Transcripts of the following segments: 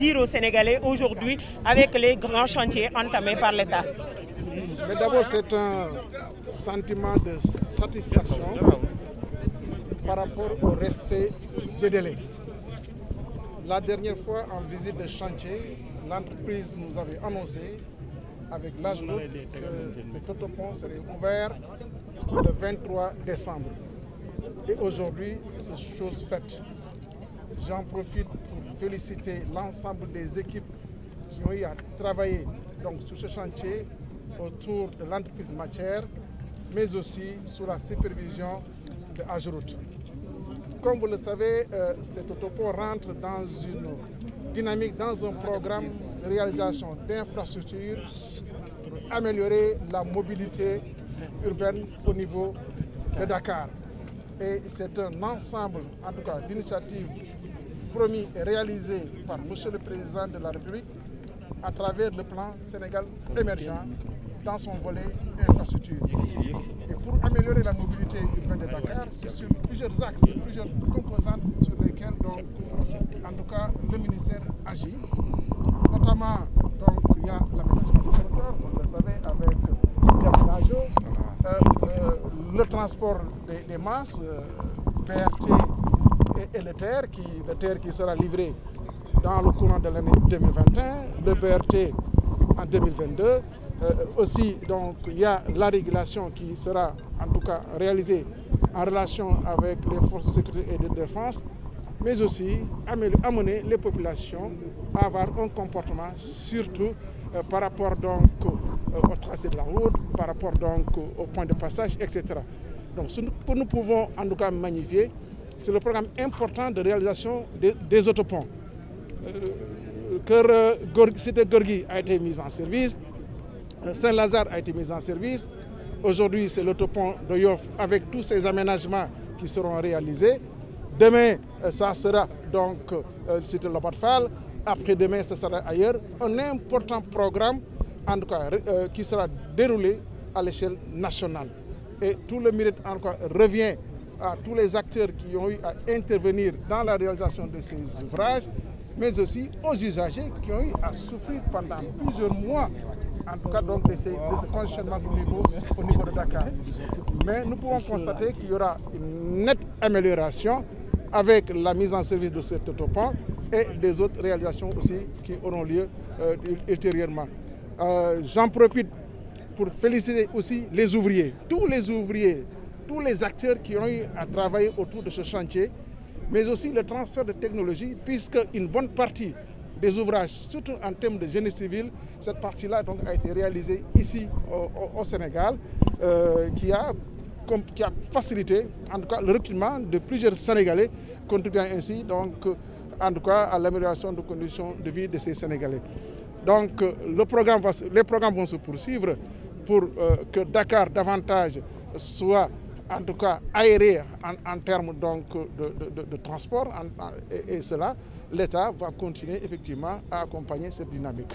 dire aux Sénégalais aujourd'hui avec les grands chantiers entamés par l'État. Mais d'abord, c'est un sentiment de satisfaction par rapport au respect des délais. La dernière fois, en visite de chantier, l'entreprise nous avait annoncé avec l'âge que cet pont serait ouvert le 23 décembre. Et aujourd'hui, c'est chose faite. J'en profite pour féliciter l'ensemble des équipes qui ont eu à travailler donc, sur ce chantier autour de l'entreprise matière, mais aussi sous la supervision de Ageroute. Comme vous le savez, euh, cet autoport rentre dans une dynamique, dans un programme de réalisation d'infrastructures pour améliorer la mobilité urbaine au niveau de Dakar. Et c'est un ensemble, en tout cas, d'initiatives promis réalisé par Monsieur le Président de la République à travers le plan Sénégal émergent dans son volet infrastructure. Et pour améliorer la mobilité urbaine de Dakar, c'est sur plusieurs axes, plusieurs composantes sur lesquelles, donc, en tout cas, le ministère agit. Notamment, donc, il y a l'aménagement du territoire, vous le savez, avec le euh, euh, le transport des, des masses, euh, BRT et, et le qui, le terre qui sera livré dans le courant de l'année 2021, le BRT en 2022. Euh, euh, aussi, donc, il y a la régulation qui sera en tout cas réalisée en relation avec les forces de sécurité et de défense, mais aussi amener les populations à avoir un comportement surtout euh, par rapport donc au tracé de la route, par rapport donc au point de passage, etc. Donc, ce nous pouvons en tout cas magnifier, c'est le programme important de réalisation des, autoponts. Euh, euh, euh Cité a été mise en service, euh, Saint-Lazare a été mise en service. Aujourd'hui, c'est l'autopont de Yoff avec tous ces aménagements qui seront réalisés. Demain, ça sera donc Cité Lopatfal. Après-demain, ce sera ailleurs. Un important programme qui sera déroulé à l'échelle nationale. Et tout le mérite revient à tous les acteurs qui ont eu à intervenir dans la réalisation de ces ouvrages, mais aussi aux usagers qui ont eu à souffrir pendant plusieurs mois, en tout cas donc de ce, de au niveau, au niveau de Dakar. Mais nous pouvons constater qu'il y aura une nette amélioration avec la mise en service de cet autopan et des autres réalisations aussi qui auront lieu euh, ultérieurement. Euh, j'en profite pour féliciter aussi les ouvriers, tous les ouvriers tous les acteurs qui ont eu à travailler autour de ce chantier, mais aussi le transfert de technologie, puisque une bonne partie des ouvrages, surtout en termes de génie civil, cette partie-là a été réalisée ici au, Sénégal, euh, qui, a, qui, a, facilité le recrutement de plusieurs Sénégalais, contribuant ainsi donc, en tout à l'amélioration des conditions de vie de ces Sénégalais. Donc le programme les programmes vont se poursuivre pour euh, que Dakar davantage soit en tout cas aéré en, termes de, transport. et, cela, l'État va continuer effectivement à accompagner cette dynamique.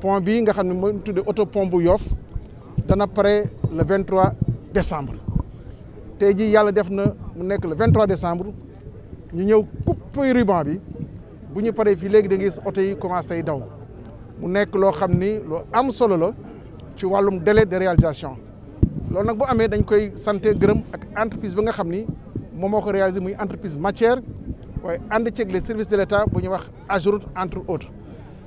point bi nga xam ne tuddé tudde auto pont bu dana paré le 23 décembre tey jii yalla def na mu nek le 23 décembre ñu ñew couper ruban bi bu ñu paree fii léegi da ngay auto yi commencé daw mu nek lo xamni lo am solo la ci walum délai de réalisation lool nak bu amé dañ koy santé gërëm ak entreprise bi nga xamni momoko réaliser muy entreprise matière way ànd ci les services de l'état, état bu ñuy wax Ageroute entre autres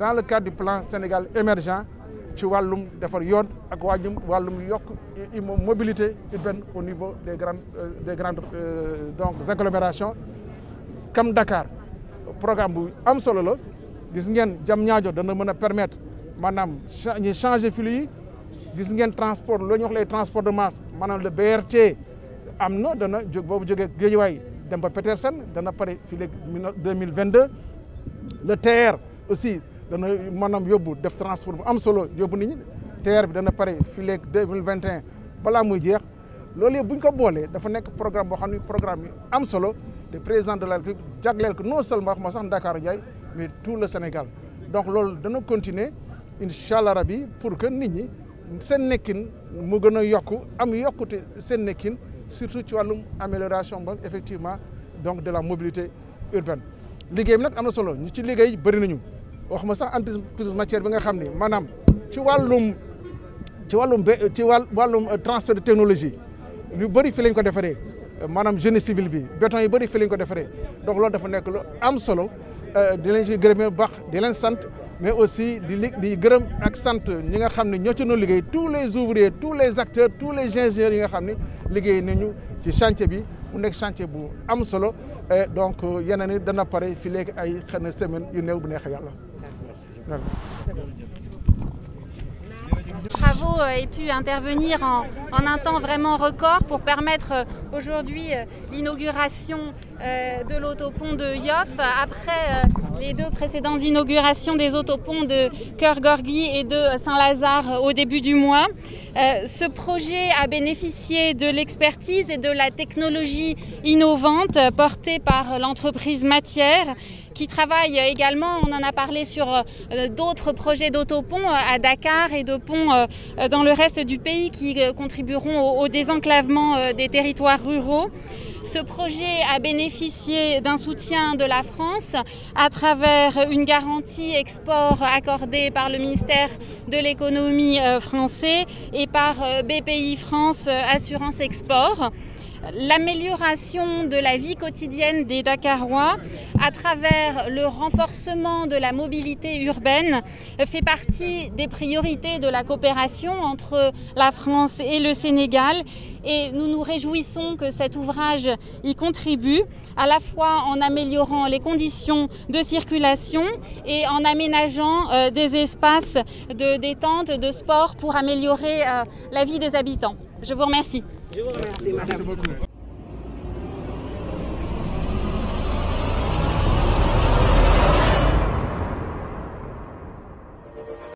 dans le cadre du plan Sénégal émergent tu vois defar yoon ak wàññum wàllum yokk mobilité urbaine au niveau des grandes euh, des grandes euh, donc agglomérations comme Dakar programme am solo lo gis ngeen dana permettre manam ñu changer flux yi gis ngeen transport loo les transports de masse manam le BRT am na dana jóg boobu jógee Guédiawaye dem ba Petersen dana paré fii 2022 le tr aussi dana maanaam yóbbu def transport bu am solo yóbbu nit ñi TER bi dana pare fii léegi deux mille muy jeex loolu yëpp bu ñu ko boolee dafa nekk programme bo xamni programme am solo te président de la République jagleel ko non seulement ma sax Dakar Ndiaye mais tout le Sénégal donc da na continuer inshallah rabbi pour que nit ñi sen nekkine mu gëna yokku am yokkute sen nekkine surtout ci walum amélioration ba effectivement donc de la mobilité urbaine ligéy nak am solo ñu ci ligéy bari nañu waxuma sax entreprise matière bi nga xam ni maanaam ci wàllum ci wàllum ci wàllum euh, transfert de technologie lu bëri fi lañ ko defaree maanaam génie civil bi béton yi bëri fi lañ ko defaree donc loolu dafa nekk lu am solo euh, di leen ci gërëmee bu baax di leen sant mais aussi di di gërëm ak sant ñi nga xam ne ñoo ci noonu liggéey tous les ouvriers tous les acteurs tous les ingénieurs yi nga xam ne liggéey nañu ci chantier bi mu nekk chantier bu am solo et eh, donc euh, yeneen yi dana pare fi léegi ay xëy na semaine yu néew bu neexee yàlla travaux euh, aient pu intervenir en, en, un temps vraiment record pour permettre euh, aujourd'hui euh, l'inauguration euh, de l'autopont de Yoff après euh, les deux précédentes inaugurations des autoponts de Cœur-Gorgui et de Saint-Lazare au début du mois. Ce projet a bénéficié de l'expertise et de la technologie innovante portée par l'entreprise Matière qui travaille également, on en a parlé sur d'autres projets d'autopont à Dakar et de ponts dans le reste du pays qui contribueront au désenclavement des territoires ruraux. Ce projet a bénéficié d'un soutien de la France à travers une garantie export accordée par le ministère de l'économie euh, français et par euh, BPI France euh, Assurance Export l'amélioration de la vie quotidienne des Dakarois à travers le renforcement de la mobilité urbaine fait partie des priorités de la coopération entre la France et le Sénégal et nous nous réjouissons que cet ouvrage y contribue, à la fois en améliorant les conditions de circulation et en aménageant euh, des espaces de détente, de sport pour améliorer euh, la vie des habitants. Je vous remercie. Merci, beaucoup.